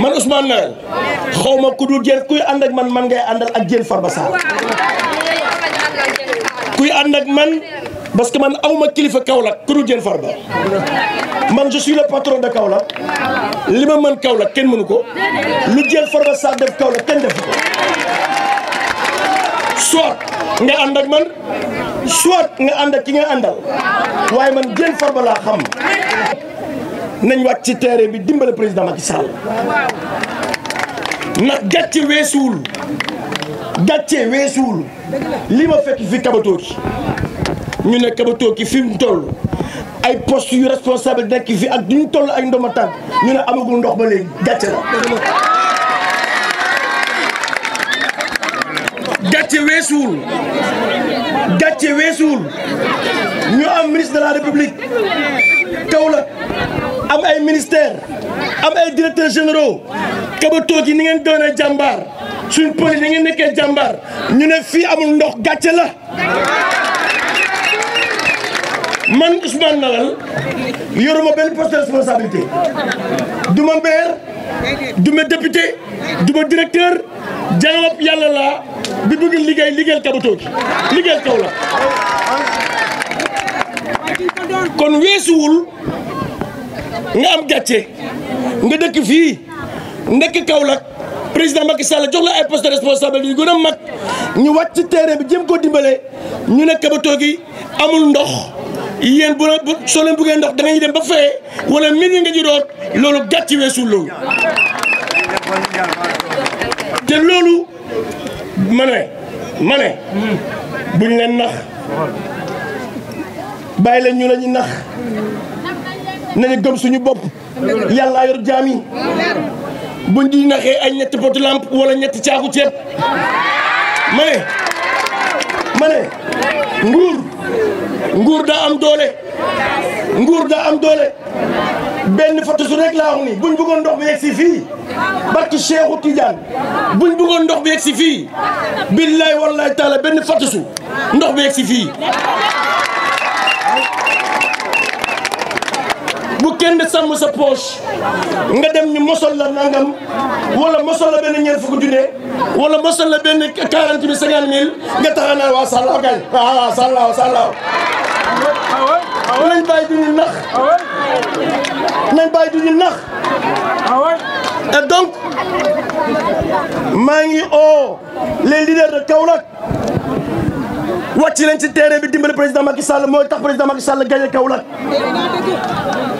man Ousmane Noël xawma ku dul jël kuy and ak man man ngay andal ak jël Farba Sarr kuy and ak man parce que man awma kilifa Kaolack ku dul jël Farba man je suis le patron de Kaolack lima man mën ken munuko lu jël Farba def Kaolack ken def ko soit nga and ak man soit nga and ak ki nga andal waye man jël Farba la xam. nañ wàcc ci terrain bi dimbale président Macky Sall ndax gàcce weesuwul gàcce weesuwul li ma fekk fi kabatoo ñu ne kabatoo ki fi mu ay poste yu responsable nekk fi ak du ñu toll ay ndoma tànk ñu ne amagul ndox ba léegi gàcce la gàcce weesuwul gàcce weesuwul ñu am ministre de la république Kaolack am ay ministères am ay directeurs généraux kaba toog ni ngeen doonee jàmbaar suñ poli ni ngeen nekkee jàmbaar ñu ne fii amul ndox gàcce la man Ousmane Nalal yoruma benn poste responsabilité du ma maire du ma député duma ma directeur yàlla laa bi bëgg liggéey liggéeyal kabatoo gi liggéeyal la kon weesuwul nga am gàcce nga dëkk fii ndekk Kaolack président Macky Sall jox la ay poste de responsabilité yu gën a mag ñu wàcc terrain bi jëm koo dimbale ñu ne Kabato gi amul ndox yéen bu bu soo buggee ndox da ngay dem ba fee wala mbir mi nga ji doot loolu gàcce weesul loolu. te loolu ma ne ma ne leen nax bàyyi leen ñu la ñu nax. nañu gëm suñu bopp yàllaa yor jaam buñ di naxee ay ñetti pot lamp wala ñetti caaku ceeb ma ne ma ne nguur nguur daa am doole nguur daa am doole benn fatu su rek laa wax ni buñ bëggoon ndox bi yegg si fii barki Cheikhu Tidiane buñ bëggoon ndox bi yegg fii billaay wallaay taala benn fatu su ndox bi yegg fii bu kenn sàmm sa poche nga dem ñu mosol la nangam wala mosol la benn ñeent fukki junne wala mosol la benn quarante mille cinquante mille nga tax a naan waa Sallaaw ah, gañ ah, waaw waaw nañ bàyyi du ñu nañ bàyyi du ñu nax maa ngi oo les leaders de Kaolack wàcc leen ci terrain bi dimbali président Macky Sall mooy tax président Macky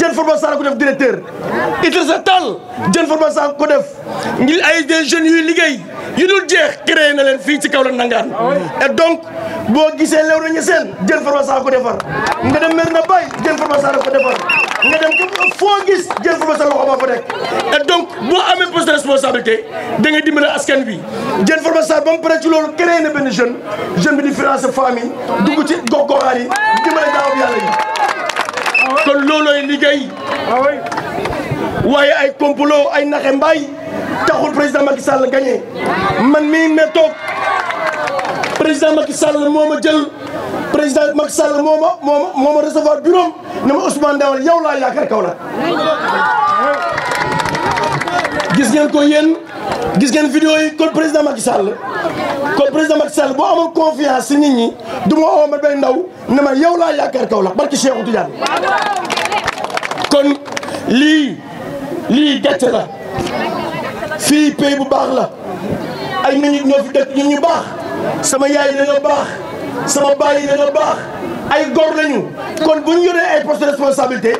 jël formation Sarr ko def directeur Idrissa Tall jël Farba Sarr ko def ngir ay des jeunes yu liguey yu dul jeex créer na len fi ci Kaolack nangar et donc bo gisee lew nañu sen jël formation ko defar nga dem mer bay jël formation Sarr ko defar nga dem fo gis jël formation Sarr loxo ba fa rek et donc bo amé poste de responsabilité da nga dimbale askan bi jël formation Sarr ba ci lolu créer na ben jeune jeune bi di financer famille dugg ci gox liggéey ah waaye ay complot ay naxe mbaay président Macky Sall gagné man mii ne toog président Macky Sall moo ma jël président Macky Sall moo ma moo ma recevoir bureau na ma Ousmane Dawal yow laa yaakaar Kaolack gis ngeen ko yéen gis ngeen vidéo yi kon président Macky Sall kon président Macky Sall boo amoon confiance si nit ñi du ma woo ma bay ndaw ne ma yow laa yaakaar Kaolack barki Cheikhou Tidiane kon lii lii gàcce la fii pays bu baax la ay nit ñoo fi dëkk ñun ñu baax sama yaay dañoo baax sama baay yi dañoo baax ay góor lañu kon bu ñu yoree ay poste de responsabilité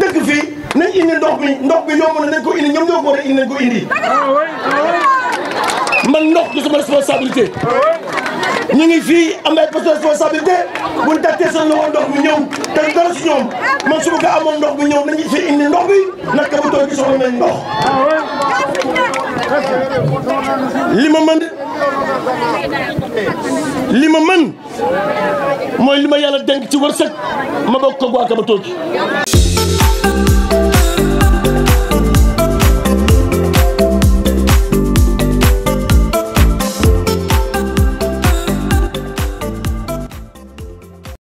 dëkk fii nañ indi ndox mi ndox mi yomb na nañ ko indi ñoom ñoo ko war a indi nañ indi man ndox du sama responsabilité ah ah ñu ngi fii am ay poste de responsabilité buñ tàkkee seen loxo ndox mi ñëw dara si indi ndox bi naka li ma mën li ma mën mooy li ma yàlla dénk ci wërsëg ma bokk ko waa Kabatoki